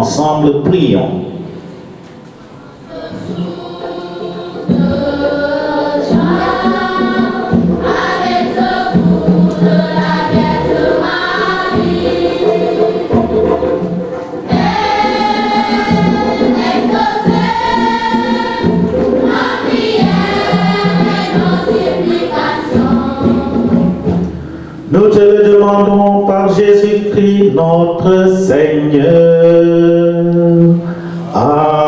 ensemble, prions. te le demandons par Jésus-Christ notre Seigneur. Amen.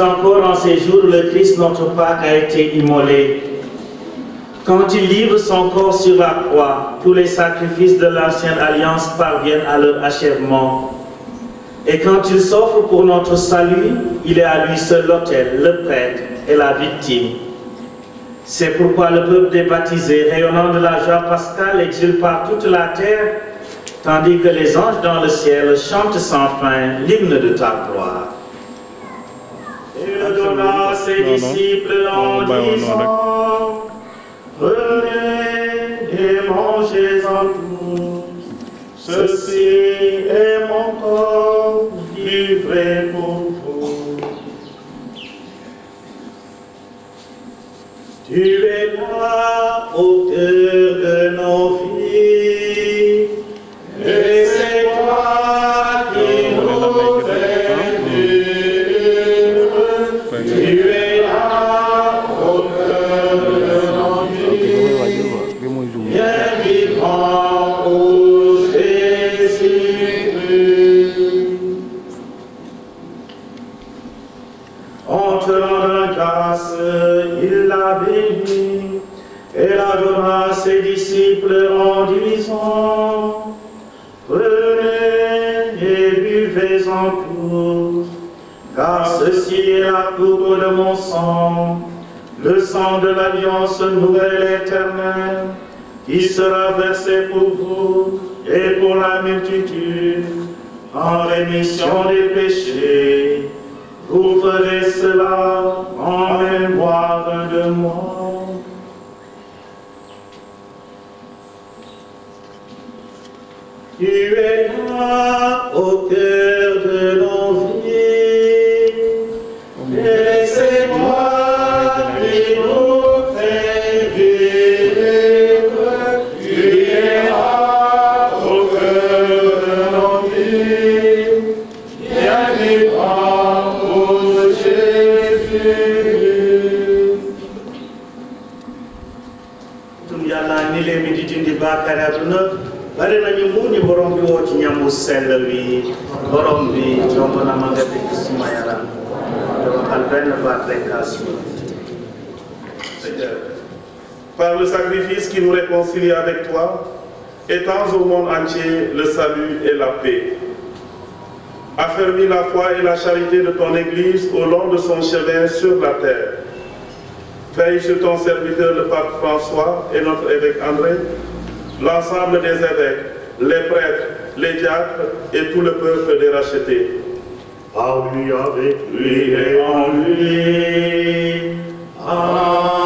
encore, en ces jours, le Christ, notre Pâque, a été immolé. Quand il livre son corps sur la croix, tous les sacrifices de l'ancienne alliance parviennent à leur achèvement. Et quand il s'offre pour notre salut, il est à lui seul l'autel, le prêtre et la victime. C'est pourquoi le peuple des baptisés, rayonnant de la joie pascale, exile par toute la terre, tandis que les anges dans le ciel chantent sans fin l'hymne de ta gloire à ses disciples en disant Prenez et mangez-en tous, ceci est mon corps livré pour vous. Tu es moi au cœur de nos vies. car ceci est la coupe de mon sang, le sang de l'Alliance nouvelle éternelle, qui sera versé pour vous et pour la multitude, en rémission des péchés. Vous ferez cela en mémoire de moi. Tu es moi au cœur. Par le sacrifice qui nous réconcilie avec toi, étends au monde entier le salut et la paix. Affermis la foi et la charité de ton Église au long de son chemin sur la terre. Veille sur ton serviteur le pape François et notre évêque André, l'ensemble des évêques, les prêtres, les diacres et tout le peuple les racheter. Par lui, avec lui et en lui. Amen.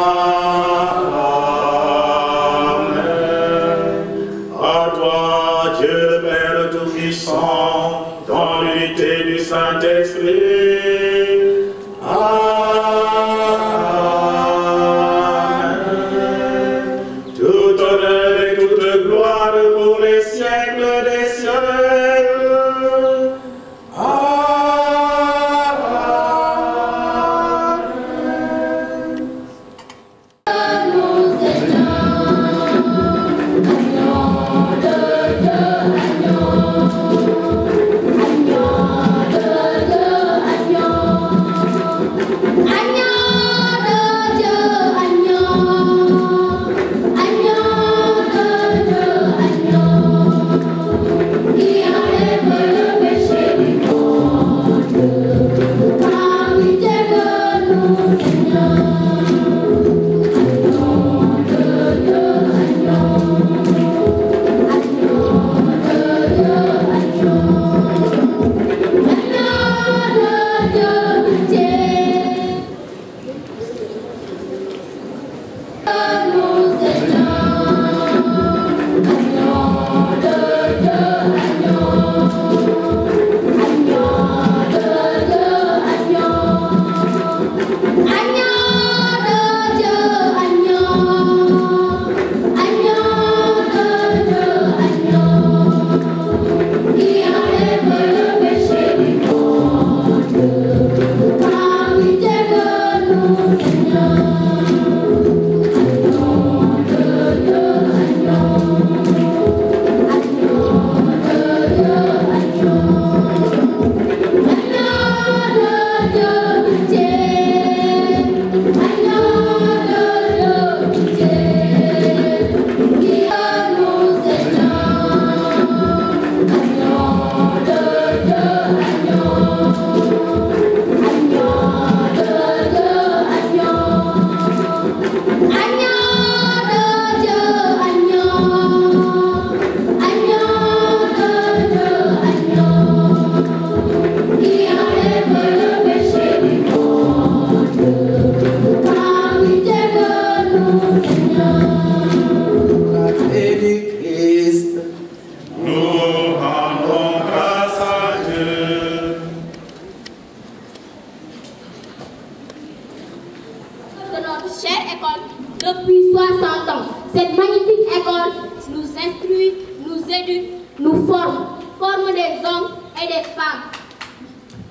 nous éduque, nous forme, forme des hommes et des femmes.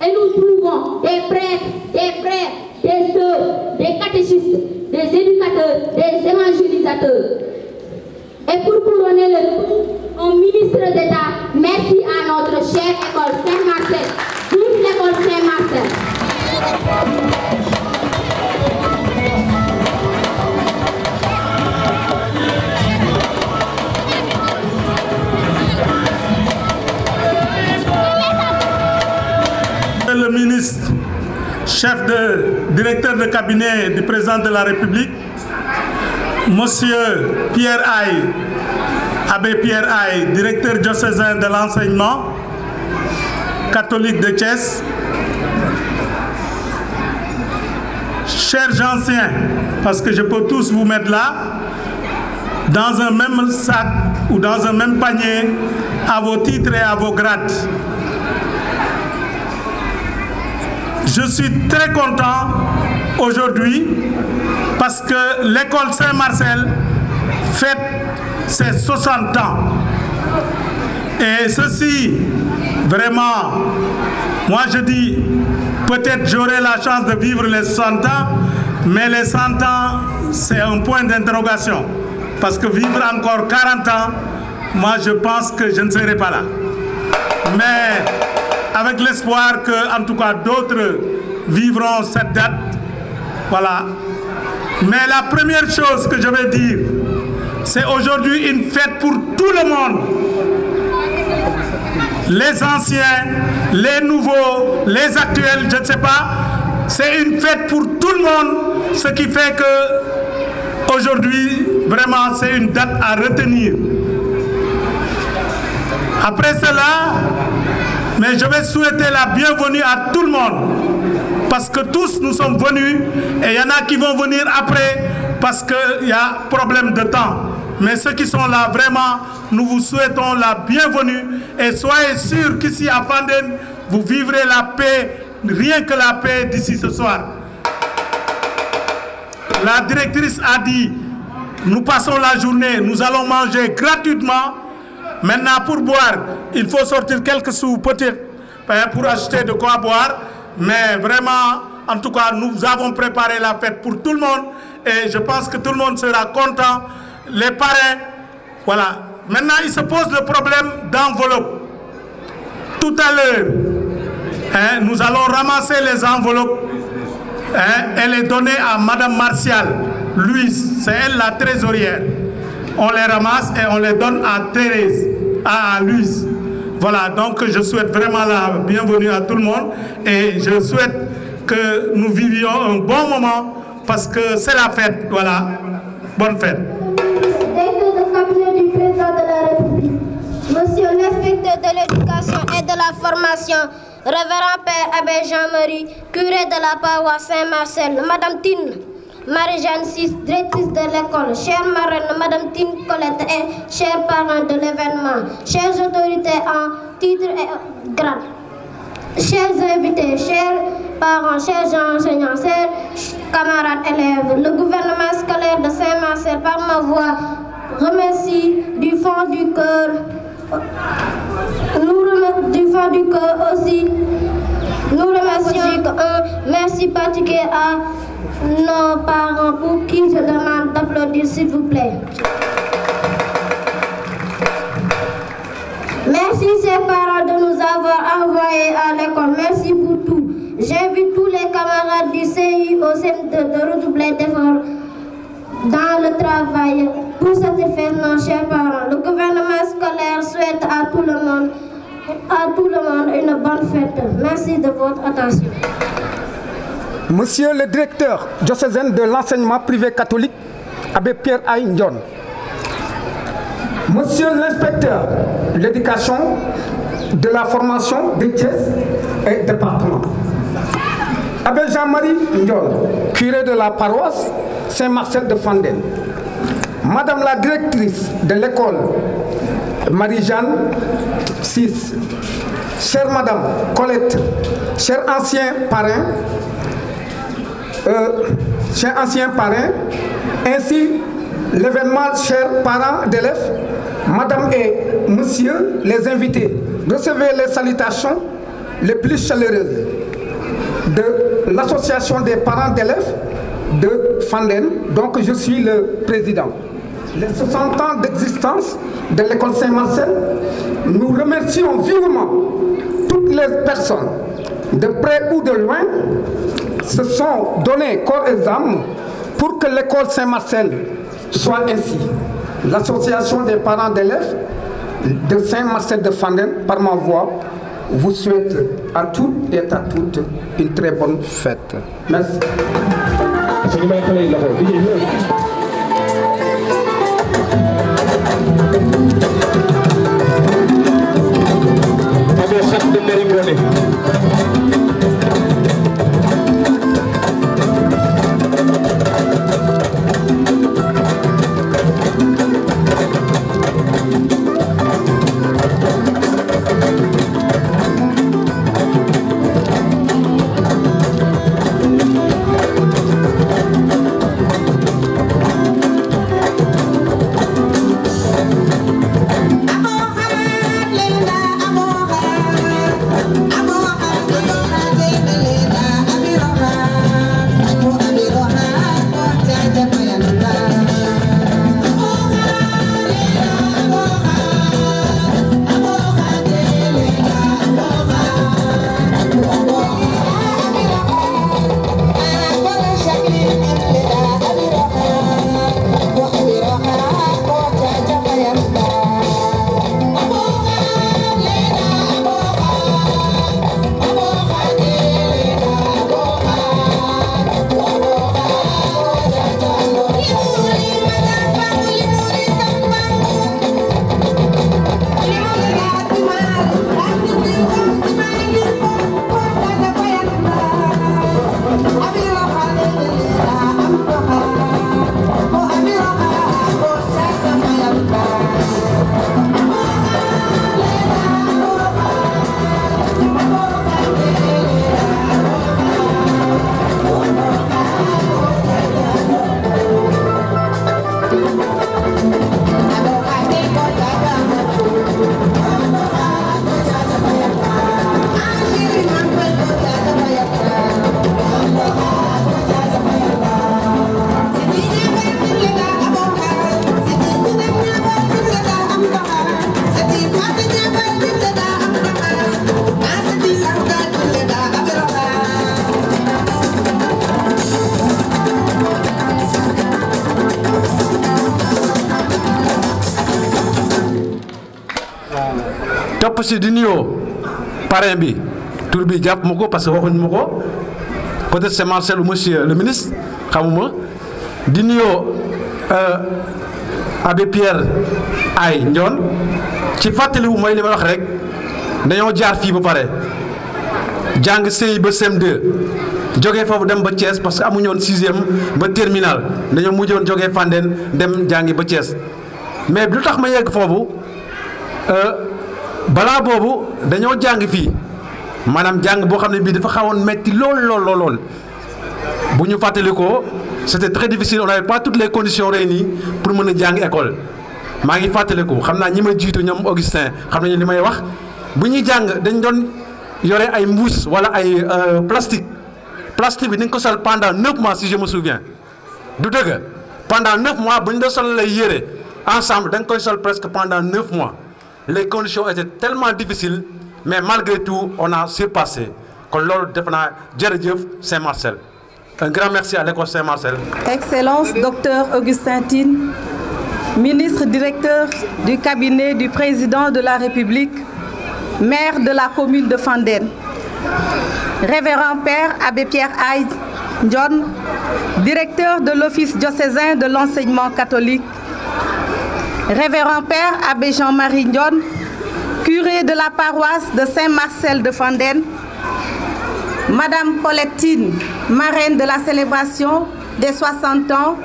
Et nous trouvons des prêtres, des frères, des sœurs, des catéchistes, des éducateurs, des évangélisateurs. Et pour couronner le tout, au ministre d'État, merci à notre chère école Saint-Marcel. toute l'école Saint-Marcel. chef de directeur de cabinet du président de la République, Monsieur Pierre Aye, Abbé Pierre Aye, directeur diocésain de l'enseignement catholique de Thiès, chers anciens, parce que je peux tous vous mettre là, dans un même sac ou dans un même panier, à vos titres et à vos grades. Je suis très content aujourd'hui parce que l'école Saint-Marcel fête ses 60 ans. Et ceci, vraiment, moi je dis, peut-être j'aurai la chance de vivre les 60 ans, mais les 100 ans, c'est un point d'interrogation. Parce que vivre encore 40 ans, moi je pense que je ne serai pas là. Mais avec l'espoir que, en tout cas, d'autres vivront cette date. Voilà. Mais la première chose que je vais dire, c'est aujourd'hui une fête pour tout le monde. Les anciens, les nouveaux, les actuels, je ne sais pas. C'est une fête pour tout le monde, ce qui fait que aujourd'hui, vraiment, c'est une date à retenir. Après cela, mais je vais souhaiter la bienvenue à tout le monde. Parce que tous nous sommes venus et il y en a qui vont venir après parce qu'il y a problème de temps. Mais ceux qui sont là, vraiment, nous vous souhaitons la bienvenue et soyez sûrs qu'ici à Fanden, vous vivrez la paix, rien que la paix d'ici ce soir. La directrice a dit, nous passons la journée, nous allons manger gratuitement Maintenant, pour boire, il faut sortir quelques sous peut-être hein, pour acheter de quoi boire. Mais vraiment, en tout cas, nous avons préparé la fête pour tout le monde. Et je pense que tout le monde sera content. Les parrains, voilà. Maintenant, il se pose le problème d'enveloppe. Tout à l'heure, hein, nous allons ramasser les enveloppes hein, et les donner à Madame Martial, Louise, c'est elle la trésorière on les ramasse et on les donne à Thérèse, à Luz. Voilà, donc je souhaite vraiment la bienvenue à tout le monde et je souhaite que nous vivions un bon moment parce que c'est la fête. Voilà, bonne fête. le président de la République, Monsieur l'inspecteur de l'éducation et de la formation, Révérend Père Abbé Jean-Marie, curé de la paroisse Saint-Marcel, Madame Tine. Marie-Jeanne 6, directrice de l'école, chère marraine Madame Tim Colette et chers parents de l'événement, chères autorités en titre et grade, chers invités, chers parents, chers enseignants, chers camarades élèves, le gouvernement scolaire de Saint-Marcel, par ma voix, remercie du fond du cœur, nous remercions du fond du cœur aussi, nous remercions merci particulier à nos parents pour qui je demande d'applaudir s'il vous plaît. Merci ces parents de nous avoir envoyés à l'école. Merci pour tout. J'invite tous les camarades du CI au centre de redoubler d'efforts dans le travail pour effet, nos chers parents. Le gouvernement scolaire souhaite à tout le monde, à tout le monde une bonne fête. Merci de votre attention. Monsieur le directeur diocésain de l'enseignement privé catholique, Abbé Pierre Aïndion. Monsieur l'inspecteur de l'éducation, de la formation des et département. Abbé Jean-Marie Aignon, curé de la paroisse Saint-Marcel de Fanden. Madame la directrice de l'école, Marie-Jeanne 6. Chère Madame Colette, cher ancien parrain, euh, chers anciens parrains, ainsi l'événement chers parents d'élèves, madame et monsieur les invités, recevez les salutations les plus chaleureuses de l'association des parents d'élèves de Fanden, donc je suis le président. Les 60 ans d'existence de l'école Saint-Marcel, nous remercions vivement toutes les personnes, de près ou de loin, se sont donnés corps et âme pour que l'école Saint-Marcel soit ainsi. L'association des parents d'élèves de Saint-Marcel de Fanden, par ma voix, vous souhaite à toutes et à toutes une très bonne fête. Merci. Merci. aussi di nuyoo parrain bi tur bi jàpp ma ko parce que waxuñu ma ko peut-être c'est Marcel ou monsieur le ministre xamuma di nuyoo euh, abbé Pierre ay Ndion ci fàttaliwu mooy li ma wax rek dañoo jaar fii ba pare jàng CI ba CM2 joge foofu dem ba Thiès parce que amuñu woon sixième ba terminal dañoo mujjoon joge Fandène dem jàngi ba Thiès mais lu tax ma yegg foofu. Euh, balaa bobu daño jang fi manam jang bo xam bi dafa xawone metti lol lol lol bu ñu fàttalikoo c'était très difficile on avait pas toutes les conditions réunies pour mën a jàng école ma ngi fateliko xamna ñima ñi ñom Augustin xamna nañu limay wax buñu jang dañ don yoré ay mbuus wala ay euh, plastique plastique bi dañ ko sal pendant 9 mois si je me souviens du deug pendant 9 mois bu ñu la lay yéré ensemble dañ koy sol presque pendant 9 mois les conditions étaient tellement difficiles mais malgré tout on a surpassé que loolu def à Saint-Marcel un grand merci à l'école Saint-Marcel Excellence docteur Augustin Tine ministre directeur du cabinet du président de la République maire de la commune de Fandène révérend père abbé Pierre Aïd John directeur de l'office diocésain de l'enseignement catholique Révérend Père Abbé Jean-Marie curé de la paroisse de Saint-Marcel de Fandène, Madame Collectine, marraine de la célébration des 60 ans,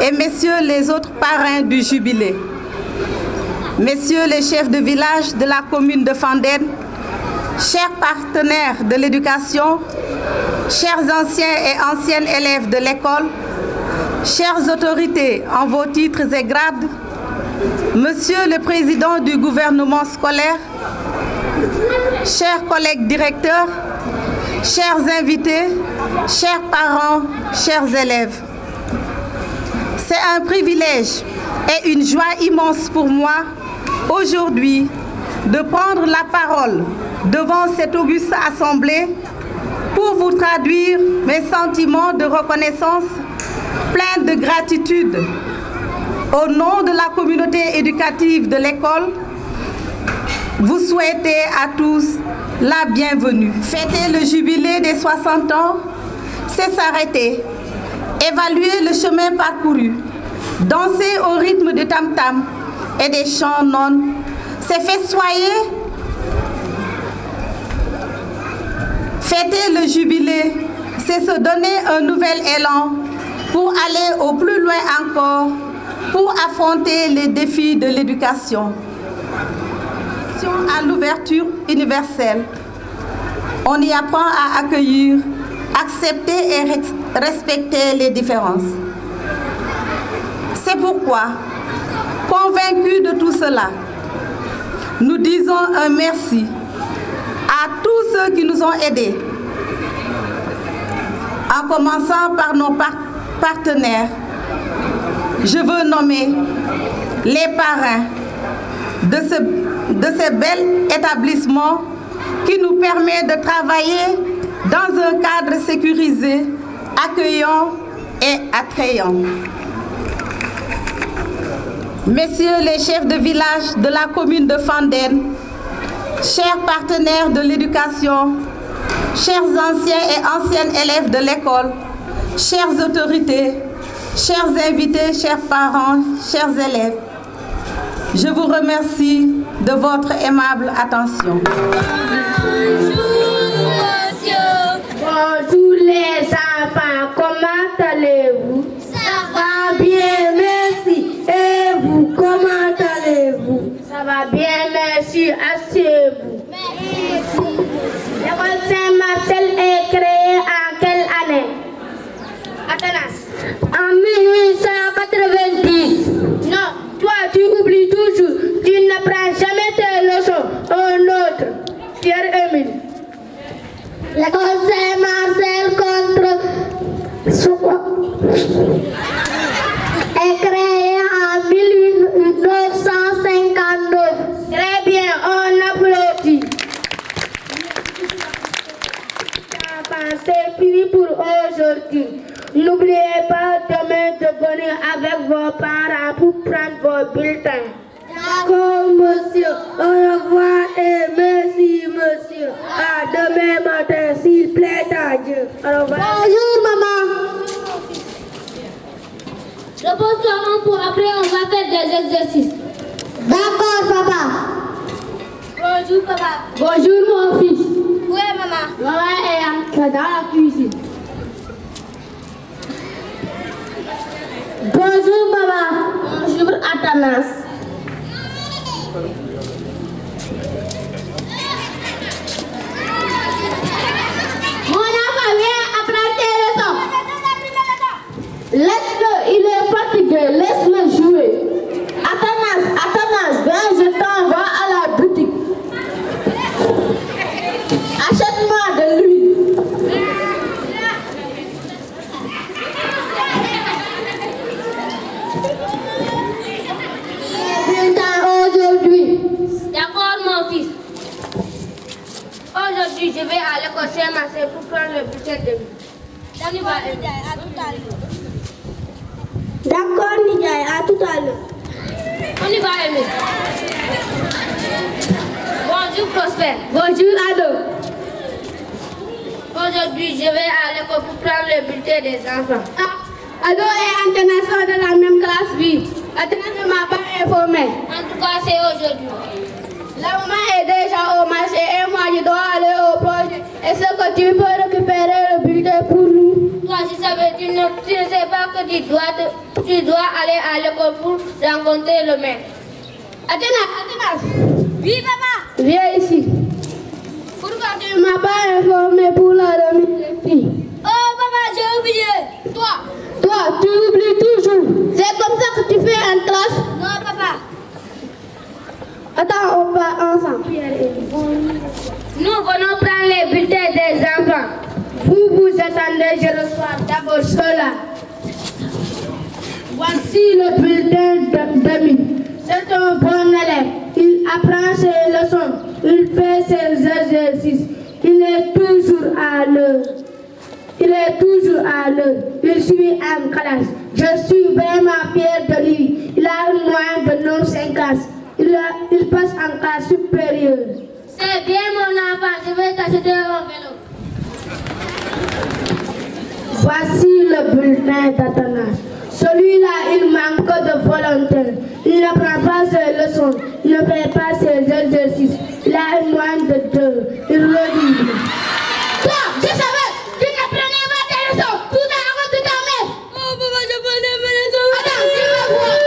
et messieurs les autres parrains du jubilé, messieurs les chefs de village de la commune de Fandène, chers partenaires de l'éducation, chers anciens et anciennes élèves de l'école, chères autorités en vos titres et grades, Monsieur le Président du gouvernement scolaire, chers collègues directeurs, chers invités, chers parents, chers élèves, c'est un privilège et une joie immense pour moi aujourd'hui de prendre la parole devant cette auguste assemblée pour vous traduire mes sentiments de reconnaissance pleins de gratitude au nom de la communauté éducative de l'école, vous souhaitez à tous la bienvenue. Fêter le jubilé des 60 ans, c'est s'arrêter, évaluer le chemin parcouru, danser au rythme de tam-tam et des chants non, c'est soyer. fêter le jubilé, c'est se donner un nouvel élan pour aller au plus loin encore pour affronter les défis de l'éducation. À l'ouverture universelle, on y apprend à accueillir, accepter et respecter les différences. C'est pourquoi, convaincus de tout cela, nous disons un merci à tous ceux qui nous ont aidés, en commençant par nos partenaires je veux nommer les parrains de ce, de bel établissement qui nous permet de travailler dans un cadre sécurisé, accueillant et attrayant. Messieurs les chefs de village de la commune de Fanden, chers partenaires de l'éducation, chers anciens et anciennes élèves de l'école, chères autorités, Chers invités, chers parents, chers élèves, je vous remercie de votre aimable attention. Bonjour, monsieur. Bonjour les enfants, comment allez-vous Ça va bien, merci. Et vous, comment allez-vous Ça va bien, merci. Asseyez-vous. Merci. Le Saint-Marcel est créé en quelle année Athanas. En 1890. Non, toi, tu oublies toujours. Tu n'apprends jamais tes leçons. Un autre. Pierre-Emile. Le conseil Marcel contre est créé en 1952. Très bien, on applaudit. T'as pensé fini pour aujourd'hui. N'oubliez pas demain de venir avec vos parents pour prendre vos bulletins. D'accord, monsieur. Au revoir et merci, monsieur. À demain matin, s'il plaît à Dieu. Au revoir. Bonjour, maman. Repose-toi un pour après on va faire des exercices. D'accord, papa. Bonjour, papa. Bonjour, mon fils. Où est maman Maman est dans la cuisine. Bonjour Baba. Bonjour Athanas. Mon enfant vient apprendre les Laisse-le, il est fatigué, laisse-le jouer. Athanas, Athanas, viens, je t'en je vais aller au CMAC pour prendre le bulletin de lui. D'accord, Nidjaï, à tout à l'heure. On y va, Aimé. Bonjour, Prosper. Bonjour, Ado. Aujourd'hui, je vais à l'école pour prendre le bulletin des enfants. Ah, Ado est sont de la même classe, oui. ne m'a pas informé. En tout cas, c'est aujourd'hui. La maman est déjà au marché et moi je dois aller au projet. Est-ce que tu peux récupérer le bulletin pour nous Toi, si ça veut dire tu ne sais pas que tu dois, tu dois aller à l'école pour rencontrer le maire. Attends Athéna Oui, papa Viens ici. Pourquoi tu ne m'as pas informé pour la remise des filles Oh, papa, j'ai oublié Toi Toi, tu oublies toujours. C'est comme ça que tu fais un classe Non, papa Attends, on va ensemble. Nous venons prendre les bulletins des enfants. Vous vous attendez, je reçois d'abord cela. Voici le bulletin de demi. C'est un bon élève. Il apprend ses leçons. Il fait ses exercices. Il est toujours à l'heure. Il est toujours à l'heure. Il suit en classe. Je suis vraiment fier de lui. Il a moins de 9 ans il, il passe en classe supérieure. C'est bien mon enfant, je vais t'acheter un vélo. Voici le bulletin d'Athanas. Celui-là, il manque de volonté. Il ne prend pas ses leçons, il ne fait pas ses exercices. Il a un de deux. Il redit. Toi, tu savais, tu n'apprenais pas tes leçons. Tout à l'heure, de ta mère. Oh, papa, je mes Attends, tu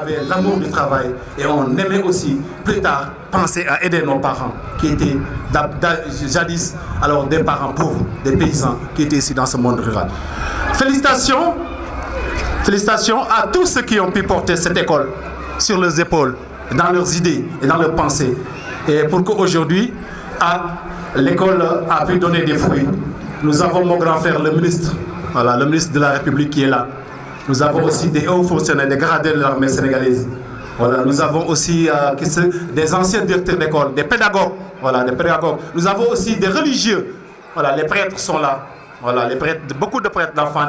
avait l'amour du travail et on aimait aussi plus tard penser à aider nos parents qui étaient jadis alors des parents pauvres, des paysans qui étaient ici dans ce monde rural. Félicitations, félicitations à tous ceux qui ont pu porter cette école sur leurs épaules, dans leurs idées et dans leurs pensées. Et pour qu'aujourd'hui, l'école a pu donner des fruits. Nous avons mon grand frère, le ministre, voilà, le ministre de la République qui est là. Nous avons aussi des hauts fonctionnaires, des gradés de l'armée sénégalaise. Voilà, nous avons aussi euh, des anciens directeurs d'école, des pédagogues. Voilà, des pédagogues. Nous avons aussi des religieux. Voilà, les prêtres sont là. Voilà, les prêtres, beaucoup de prêtres d'enfants,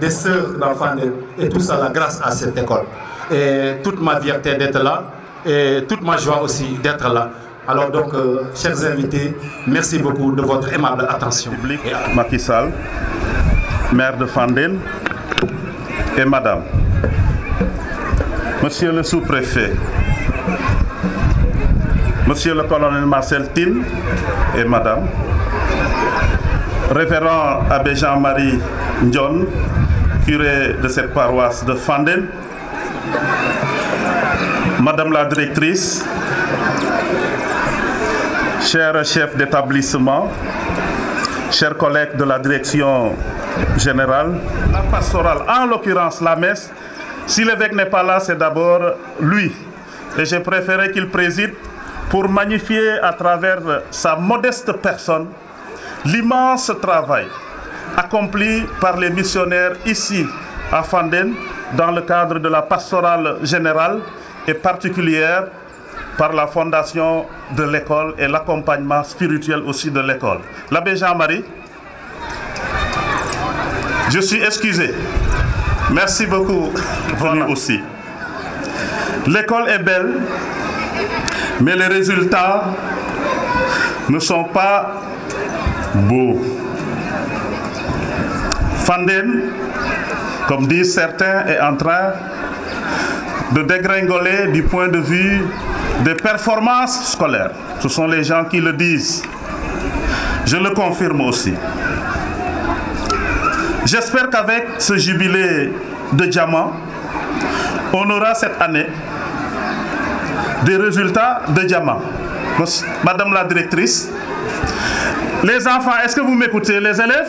des sœurs d'enfants, et tout ça grâce à cette école. Et toute ma fierté d'être là, et toute ma joie aussi d'être là. Alors donc, euh, chers invités, merci beaucoup de votre aimable attention. Public, maire de Fandel, et Madame, Monsieur le sous-préfet, Monsieur le colonel Marcel Tin, et Madame, Révérend Abbé Jean-Marie John, curé de cette paroisse de Fanden, Madame la directrice, cher Chef d'établissement, chers collègues de la direction générale, pastorale, en l'occurrence la messe, si l'évêque n'est pas là, c'est d'abord lui. Et j'ai préféré qu'il préside pour magnifier à travers sa modeste personne l'immense travail accompli par les missionnaires ici à Fanden dans le cadre de la pastorale générale et particulière par la fondation de l'école et l'accompagnement spirituel aussi de l'école. L'abbé Jean-Marie, je suis excusé. Merci beaucoup, voilà. aussi. L'école est belle, mais les résultats ne sont pas beaux. Fanden, comme disent certains, est en train de dégringoler du point de vue des performances scolaires. Ce sont les gens qui le disent. Je le confirme aussi. J'espère qu'avec ce jubilé de diamant, on aura cette année des résultats de diamant. Madame la directrice, les enfants, est-ce que vous m'écoutez, les élèves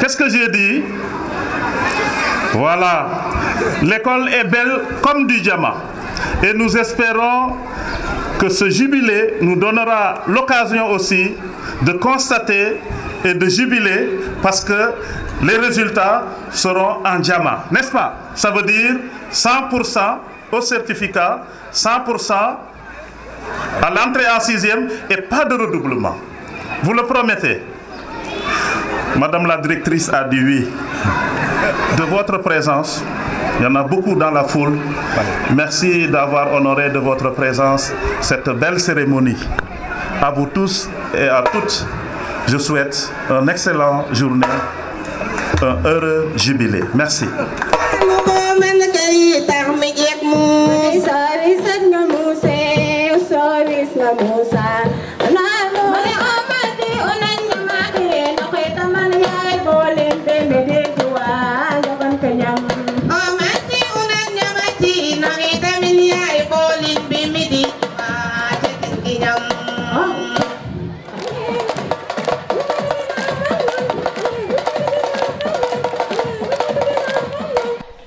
Qu'est-ce que j'ai dit Voilà. L'école est belle comme du diamant. Et nous espérons que ce jubilé nous donnera l'occasion aussi de constater et de jubiler parce que les résultats seront en diamant. N'est-ce pas Ça veut dire 100% au certificat, 100% à l'entrée en sixième et pas de redoublement. Vous le promettez Madame la directrice a dit oui. De votre présence, il y en a beaucoup dans la foule. Merci d'avoir honoré de votre présence cette belle cérémonie. À vous tous et à toutes, je souhaite une excellente journée, un heureux jubilé. Merci.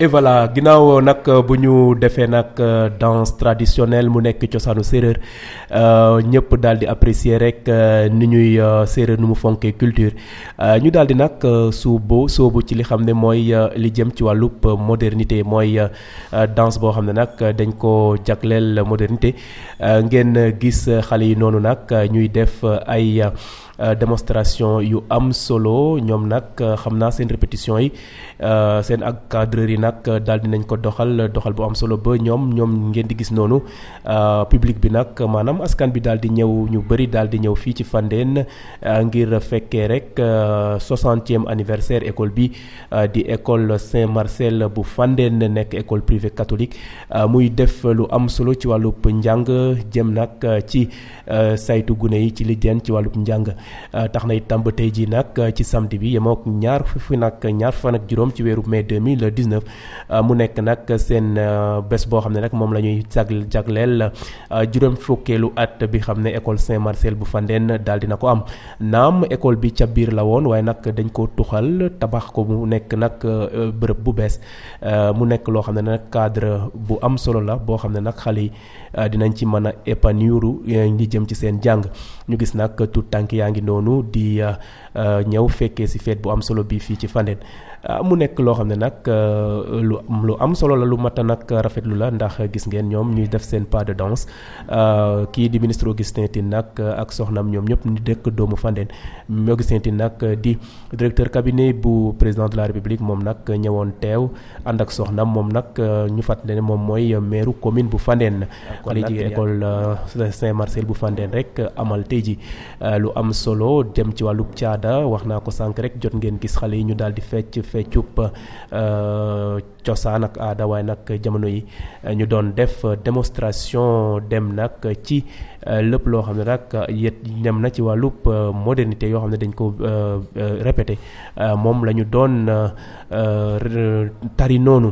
et voilà ginaaw nak euh, bu ñu defee nag euh, danse traditionnelle mu nekk cosaanu séeréer euh, ñëpp daal di apprécier rek ni ñuy séeréer nu mu fonkee culture ñu daal di nag suubo soobu ci li xam ne mooy li jëm ci wàllub modernité mooy danse boo xam ne nag dañ ko jagleel modernité ngeen gis xale yi noonu nag ñuy def ay euh, démonstration yu am solo ñom nak euh, xam naa seen répétition yi euh, seen ak cadreur yi nag daal dinañ ko doxal doxal bu am solo ba ñom ñom ngeen di gis nonu public bi nak manam askan bi daal di ñëw ñu bari daal di ñëw ci Fandène ngir fekkee rek soixantième anniversaire école bi di école Saint-Marcel bu Fandène nek école privée catholique muy def lu am solo ci wàllub njang jëm nak ci saytu gune yi ci li ci wàllub njang Euh, tax na itam ba tey jii nag euh, ci samedi bi yemook ñaar fi nag ñaar fan ak juróom ci weeru mai 2019 euh, mu nekk nag seen bés boo xam ne nag moom la ñuy jagle jagleel juróom fukkeelu at bi xam ne école Saint Marcel bu Fandène daal dina ko am naam école bi ca biir la woon waaye nag dañ ko tuxal tabax ko mu nekk nag bërëb bu bees mu nekk loo xam ne nag cadre bu am solo la boo xam ne nag xale yi Euh, dinañ ci mën a épanouir li euh, jëm ci seen jàng ñu gis nag tout tànk yaa ngi noonu di euh, Euh, ñëw fekkee si feet bu am solo bi fii ci Fandène euh, mu nekk loo xam ne nag euh, lu lu am solo la lu mata nag rafetlu la ndax gis ngeen ñoom ñuy def seen pas de danse kii di ministre Augustin Tine nag ak soxnam ñoom ñëpp ñu dëkk doomu Fandène Augustin Tine nag di directeur cabinet bu président la République moom nag ñëwoon teew ànd ak moom nag ñu fàttali ne moom mooy maire commune bu Fandène xale ji bu Fandène rek dem ci wàllu caada Keita wax naa ko sànq rek jot ngeen gis xale yi ñu daal di fecc feccub euh, cosaan ak aada waaye nag jamono yi ñu doon def démonstration dem nag ci euh, lépp loo xam ne nag yét dem na ci wàllub euh, modernité yoo xam ne dañ ko répété moom la ñu doon tari noonu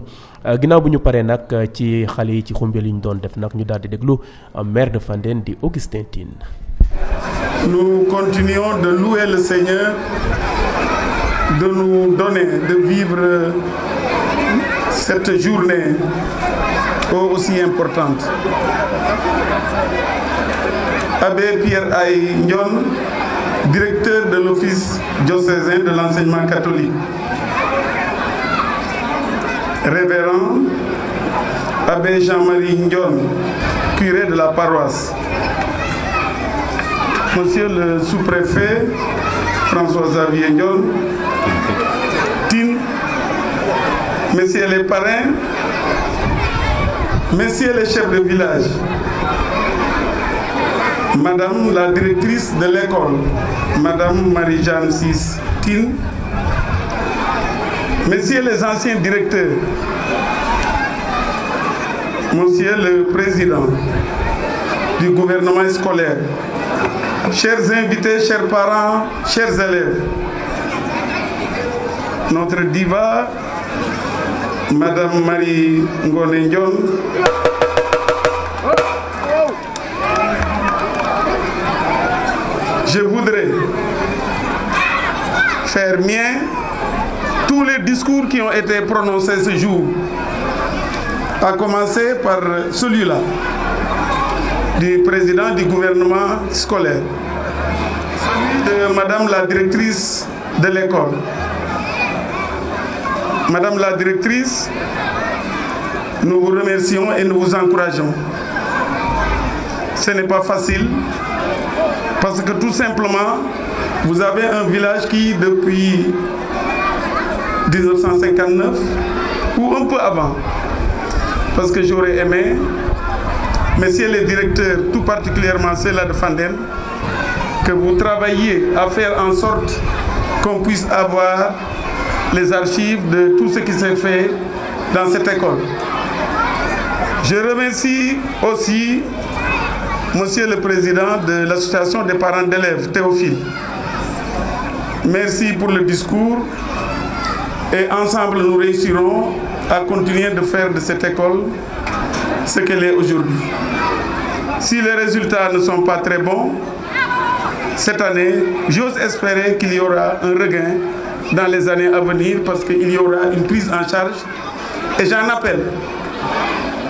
ginnaaw bu ñu paree nag ci xale yi ci xumbeel li ñu doon def nag ñu daal di déglu maire de Fandène di Augustin Tine Nous continuons de louer le Seigneur, de nous donner, de vivre cette journée oh, aussi importante. Abbé Pierre Aïe directeur de l'Office diocésain de l'enseignement catholique. Révérend Abbé Jean-Marie Ndion, curé de la paroisse. Monsieur le sous-préfet François-Xavier Tine, messieurs les parrains, messieurs les chefs de village, Madame la directrice de l'école, Madame Marie-Jeanne Tine, Messieurs les anciens directeurs, Monsieur le Président du gouvernement scolaire, Chers invités, chers parents, chers élèves, notre diva, Madame Marie Ngolendion, je voudrais faire mien tous les discours qui ont été prononcés ce jour, à commencer par celui-là du président du gouvernement scolaire, de Madame la directrice de l'école. Madame la directrice, nous vous remercions et nous vous encourageons. Ce n'est pas facile parce que tout simplement, vous avez un village qui, depuis 1959 ou un peu avant, parce que j'aurais aimé messieurs les directeurs, tout particulièrement ceux-là de Fandem, que vous travaillez à faire en sorte qu'on puisse avoir les archives de tout ce qui s'est fait dans cette école. Je remercie aussi Monsieur le Président de l'Association des parents d'élèves, Théophile. Merci pour le discours et ensemble nous réussirons à continuer de faire de cette école ce qu'elle est aujourd'hui. Si les résultats ne sont pas très bons, cette année, j'ose espérer qu'il y aura un regain dans les années à venir parce qu'il y aura une prise en charge. Et j'en appelle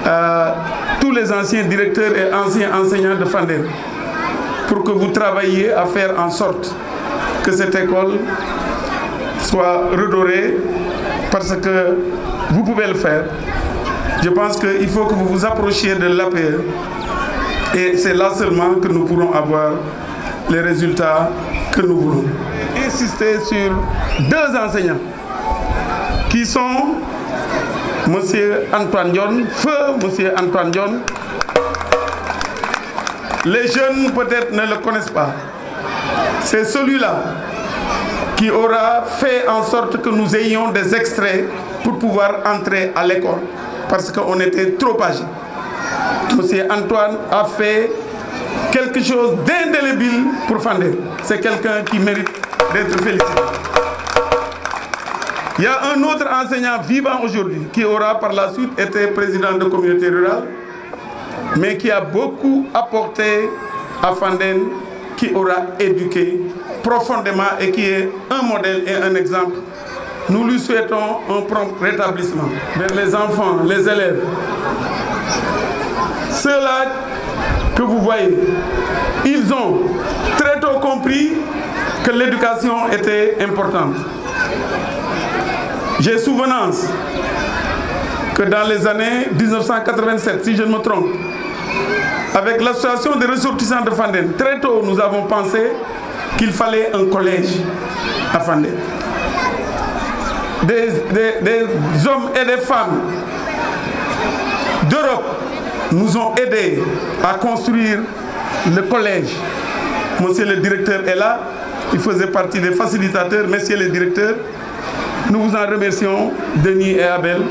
à euh, tous les anciens directeurs et anciens enseignants de Fandel pour que vous travailliez à faire en sorte que cette école soit redorée parce que vous pouvez le faire. Je pense qu'il faut que vous vous approchiez de l'APE et c'est là seulement que nous pourrons avoir les résultats que nous voulons. Insister sur deux enseignants qui sont M. Antoine Dion, feu M. Antoine Dion. Les jeunes peut-être ne le connaissent pas. C'est celui-là qui aura fait en sorte que nous ayons des extraits pour pouvoir entrer à l'école parce qu'on était trop âgés. Monsieur Antoine a fait quelque chose d'indélébile pour Fanden. C'est quelqu'un qui mérite d'être félicité. Il y a un autre enseignant vivant aujourd'hui qui aura par la suite été président de communauté rurale, mais qui a beaucoup apporté à Fanden, qui aura éduqué profondément et qui est un modèle et un exemple nous lui souhaitons un prompt rétablissement vers les enfants, les élèves. Ceux-là que vous voyez, ils ont très tôt compris que l'éducation était importante. J'ai souvenance que dans les années 1987, si je ne me trompe, avec l'association des ressortissants de Fanden, très tôt nous avons pensé qu'il fallait un collège à Fanden des, hommes et des femmes d'Europe nous ont aidés à construire le collège. Monsieur le directeur est là, il faisait partie des facilitateurs. Monsieur le directeur, nous vous en remercions, Denis et Abel.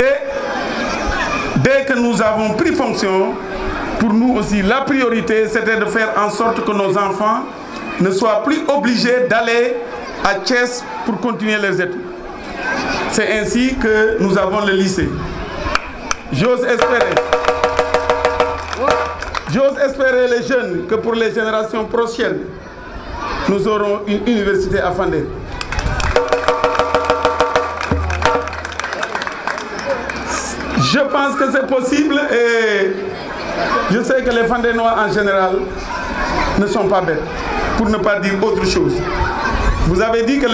Et dès que nous avons pris fonction, pour nous aussi, la priorité, c'était de faire en sorte que nos enfants ne soient plus obligés d'aller à pour continuer les études. C'est ainsi que nous avons le lycée. J'ose espérer. J'ose espérer les jeunes que pour les générations prochaines, nous aurons une université à fonder. Je pense que c'est possible et je sais que les Fandénois en général ne sont pas bêtes, pour ne pas dire autre chose. Vous avez dit que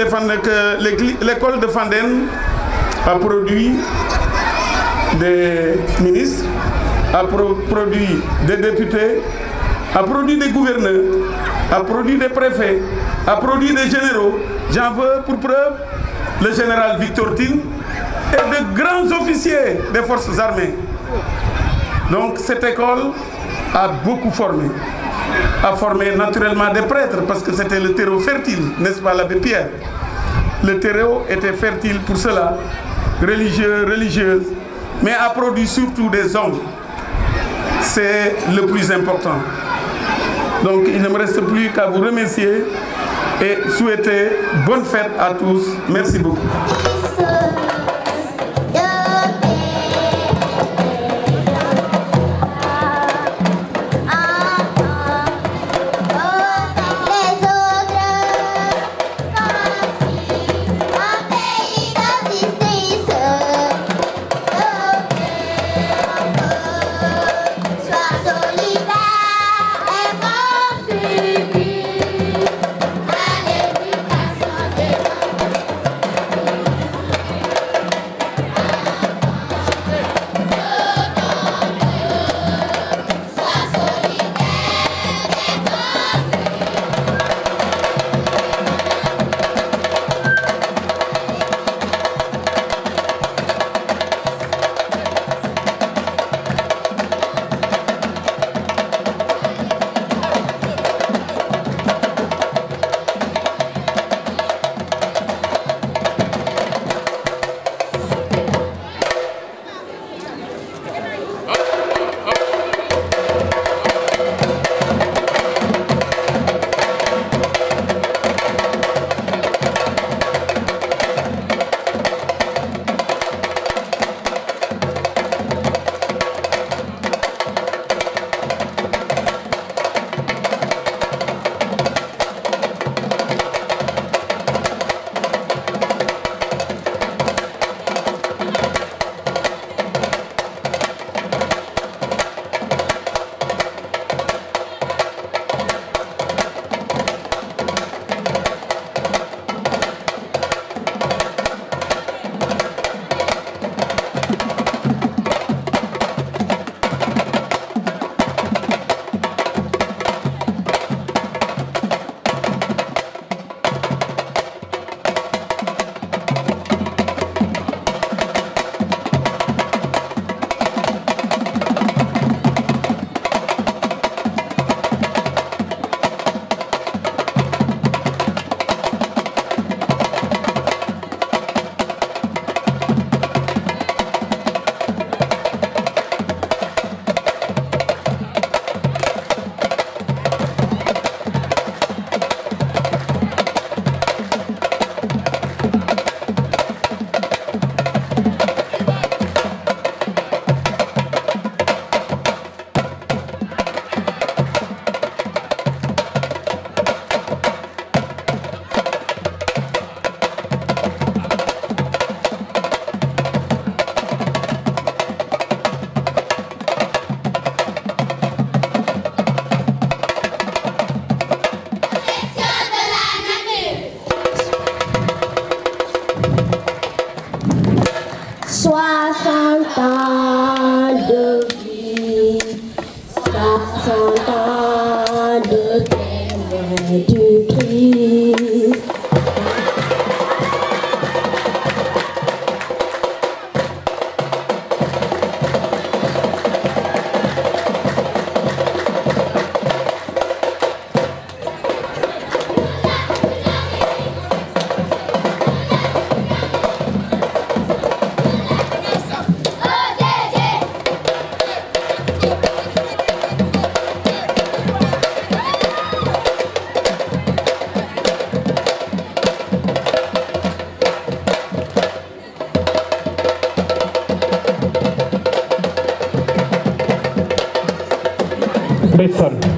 l'école de Fanden a produit des ministres, a produit des députés, a produit des gouverneurs, a produit des préfets, a produit des généraux. J'en veux pour preuve le général Victor Tin et de grands officiers des forces armées. Donc cette école a beaucoup formé a formé naturellement des prêtres parce que c'était le terreau fertile, n'est-ce pas l'abbé Pierre Le terreau était fertile pour cela, religieux, religieuse, mais a produit surtout des hommes. C'est le plus important. Donc il ne me reste plus qu'à vous remercier et souhaiter bonne fête à tous. Merci beaucoup. César.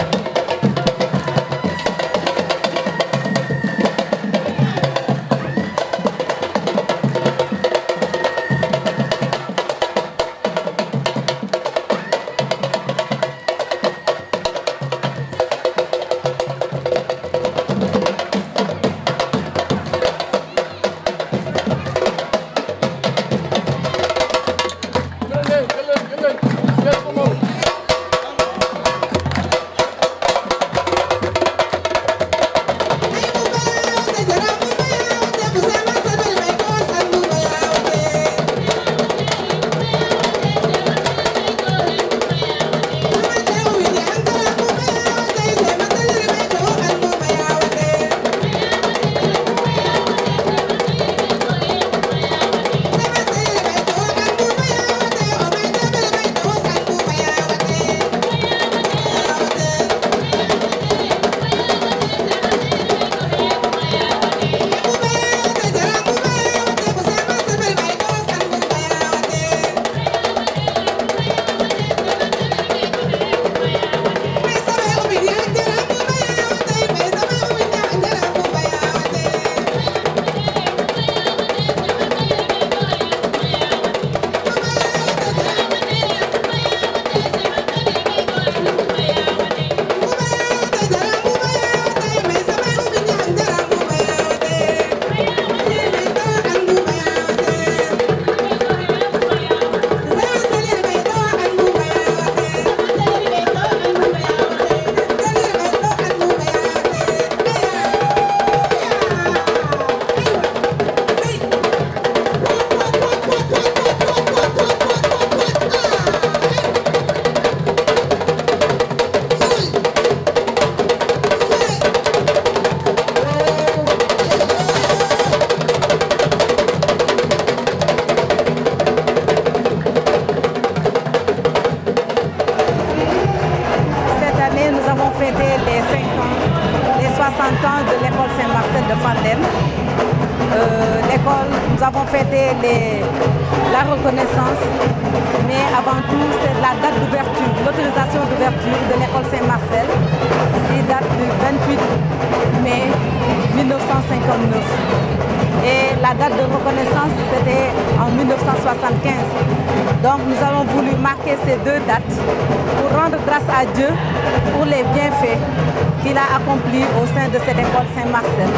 qu'il a accompli au sein de cette école Saint-Marcel.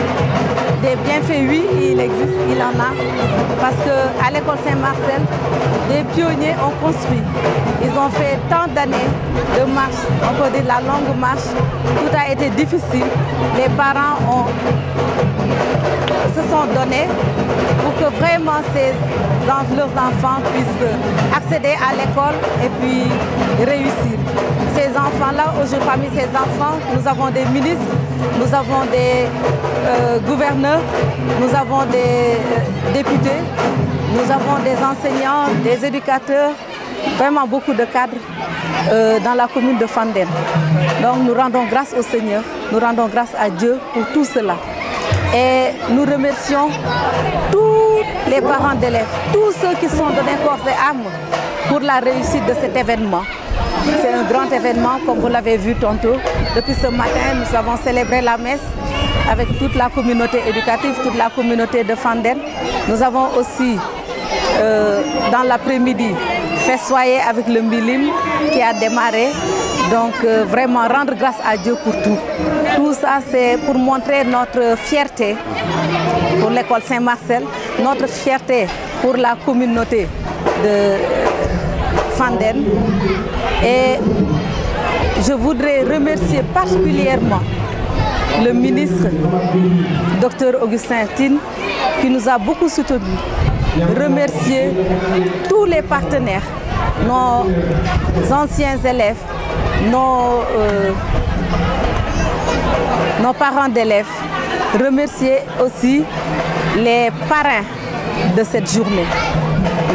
Des bienfaits, oui, il existe, il en a, parce qu'à l'école Saint-Marcel, des pionniers ont construit. Ils ont fait tant d'années de marche, on peut dire la longue marche. Tout a été difficile. Les parents ont se sont donnés pour que vraiment ces, leurs enfants puissent accéder à l'école et puis réussir. Ces enfants-là, aujourd'hui parmi ces enfants, nous avons des ministres, nous avons des euh, gouverneurs, nous avons des euh, députés, nous avons des enseignants, des éducateurs, vraiment beaucoup de cadres euh, dans la commune de Fanden. Donc nous rendons grâce au Seigneur, nous rendons grâce à Dieu pour tout cela. Et nous remercions tous les parents d'élèves, tous ceux qui sont donnés corps et âme pour la réussite de cet événement. C'est un grand événement, comme vous l'avez vu tantôt. Depuis ce matin, nous avons célébré la messe avec toute la communauté éducative, toute la communauté de Fandel. Nous avons aussi, euh, dans l'après-midi, fait soyer avec le Milim qui a démarré donc euh, vraiment rendre grâce à Dieu pour tout. Tout ça c'est pour montrer notre fierté pour l'école Saint-Marcel, notre fierté pour la communauté de Fanden. Et je voudrais remercier particulièrement le ministre, docteur Augustin Tin, qui nous a beaucoup soutenus. Remercier tous les partenaires, nos anciens élèves, nos, euh, nos parents d'élèves, remercier aussi les parrains de cette journée.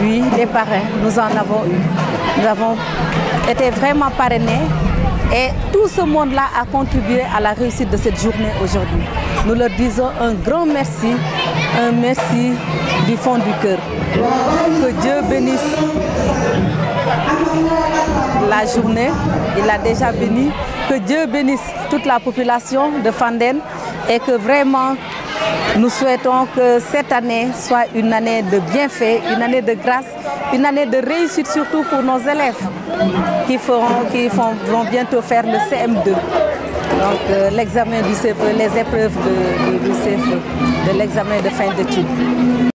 Oui, les parrains, nous en avons eu. Nous avons été vraiment parrainés et tout ce monde-là a contribué à la réussite de cette journée aujourd'hui. Nous leur disons un grand merci, un merci du fond du cœur. Que Dieu bénisse la journée. Il a déjà béni. Que Dieu bénisse toute la population de Fanden et que vraiment nous souhaitons que cette année soit une année de bienfaits, une année de grâce, une année de réussite surtout pour nos élèves qui, feront, qui vont bientôt faire le CM2. Donc euh, l'examen du CFE, les épreuves du CFE, de l'examen de fin d'études.